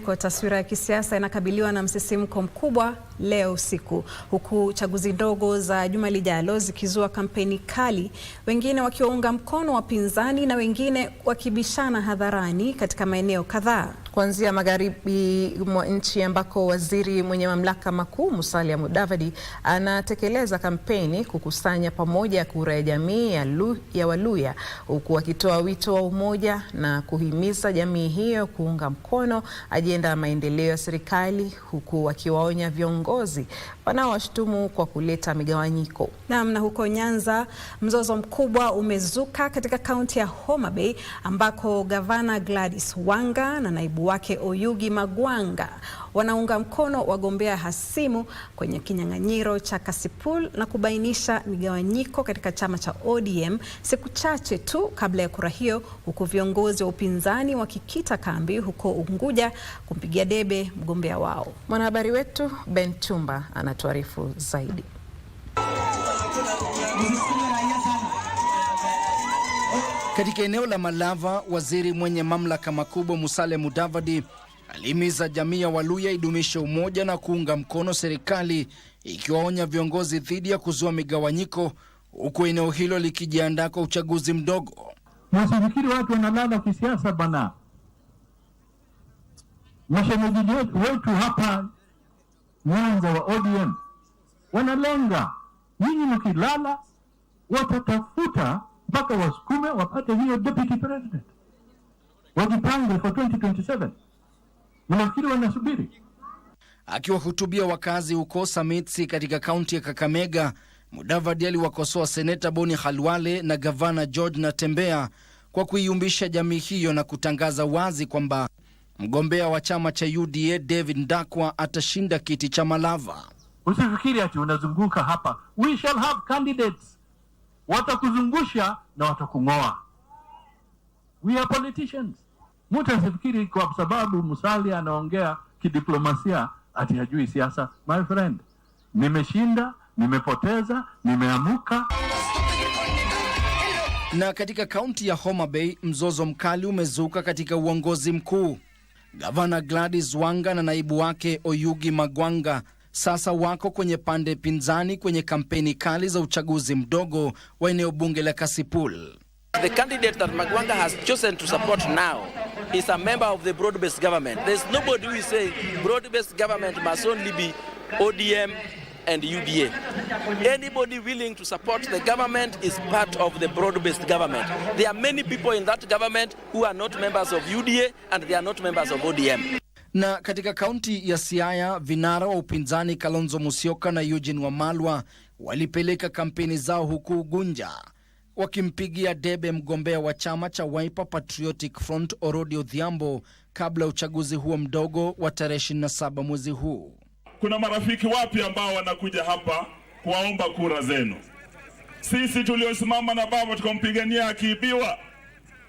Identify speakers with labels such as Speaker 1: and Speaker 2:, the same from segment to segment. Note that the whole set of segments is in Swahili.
Speaker 1: kwa taswira ya kisiasa inakabiliwa na msisimko mkubwa leo usiku, huku chaguzi ndogo za juma lijalo zikizua kampeni kali, wengine wakiwaunga mkono wapinzani na wengine wakibishana hadharani katika maeneo kadhaa
Speaker 2: kuanzia magharibi mwa nchi ambako waziri mwenye mamlaka makuu Musalia Mudavadi anatekeleza kampeni kukusanya pamoja kura ya jamii ya, Lu, ya Waluya huku akitoa wito wa umoja na kuhimiza jamii hiyo kuunga mkono ajenda ya maendeleo ya serikali huku akiwaonya viongozi wanaowashutumu kwa kuleta migawanyiko.
Speaker 1: Naam, na huko Nyanza mzozo mkubwa umezuka katika kaunti ya Homa Bay ambako gavana Gladys Wanga na naibu wake Oyugi Magwanga wanaunga mkono wagombea hasimu kwenye kinyang'anyiro cha Kasipul na kubainisha migawanyiko katika chama cha ODM siku chache tu kabla ya kura hiyo, huku viongozi wa upinzani wakikita kambi huko Unguja kumpigia debe mgombea wao. Mwanahabari wetu Ben Chumba anatuarifu zaidi.
Speaker 3: Katika eneo la Malava, waziri mwenye mamlaka makubwa Musalia Mudavadi alihimiza jamii ya Waluya idumishe umoja na kuunga mkono serikali, ikiwaonya viongozi dhidi ya kuzua migawanyiko, huku eneo hilo likijiandaa kwa uchaguzi mdogo.
Speaker 4: Msifikiri watu wanalala kisiasa bana. Mashemeji wetu hapa mwanza wa ODM wanalenga, nyinyi mkilala watatafuta mpaka wasukume wapate hiyo deputy president, wajipange kwa 2027. Mnafikiri wanasubiri?
Speaker 3: Akiwahutubia wakazi huko Samitsi katika kaunti ya Kakamega, Mudavadi aliwakosoa seneta Boni Khalwale na gavana George Natembea kwa kuiumbisha jamii hiyo na kutangaza wazi kwamba mgombea wa chama cha UDA David Ndakwa atashinda kiti cha Malava.
Speaker 4: Usifikiri ati unazunguka hapa, we shall have candidates watakuzungusha na watakung'oa. We are politicians. Mtu asifikiri kwa sababu Musali anaongea kidiplomasia ati hajui siasa. My friend, nimeshinda, nimepoteza, nimeamuka.
Speaker 3: Na katika kaunti ya Homa Bay mzozo mkali umezuka katika uongozi mkuu. Gavana Gladys Wanga na naibu wake Oyugi Magwanga sasa wako kwenye pande pinzani kwenye kampeni kali za uchaguzi mdogo wa eneo bunge la Kasipul.
Speaker 5: The candidate that Magwanga has chosen to support now is a member of the broad-based government. There's nobody who is saying broad-based government must only be ODM and UDA. Anybody willing to support the government is part of the broad-based government. There are many people in that government who are not members of UDA and they are not members of ODM.
Speaker 3: Na katika kaunti ya Siaya, vinara wa upinzani Kalonzo Musyoka na Eugene Wamalwa walipeleka kampeni zao huku Ugunja wakimpigia debe mgombea wa chama cha Wiper Patriotic Front Orodi Odhiambo kabla uchaguzi huo mdogo wa tarehe 27 mwezi huu.
Speaker 6: Kuna marafiki wapya ambao wanakuja hapa kuwaomba kura zenu. Sisi tuliosimama na baba tukampigania akiibiwa,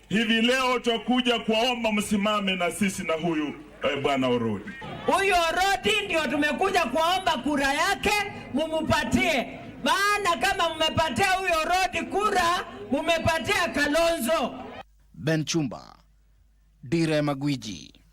Speaker 6: hivi leo twakuja kuwaomba msimame na sisi na huyu e bwana Orodi.
Speaker 7: Huyu Orodi ndio tumekuja kuomba kura yake mumupatie, maana kama mmepatia huyo Orodi kura, mumepatia Kalonzo.
Speaker 8: Ben Chumba, Dira ya Magwiji.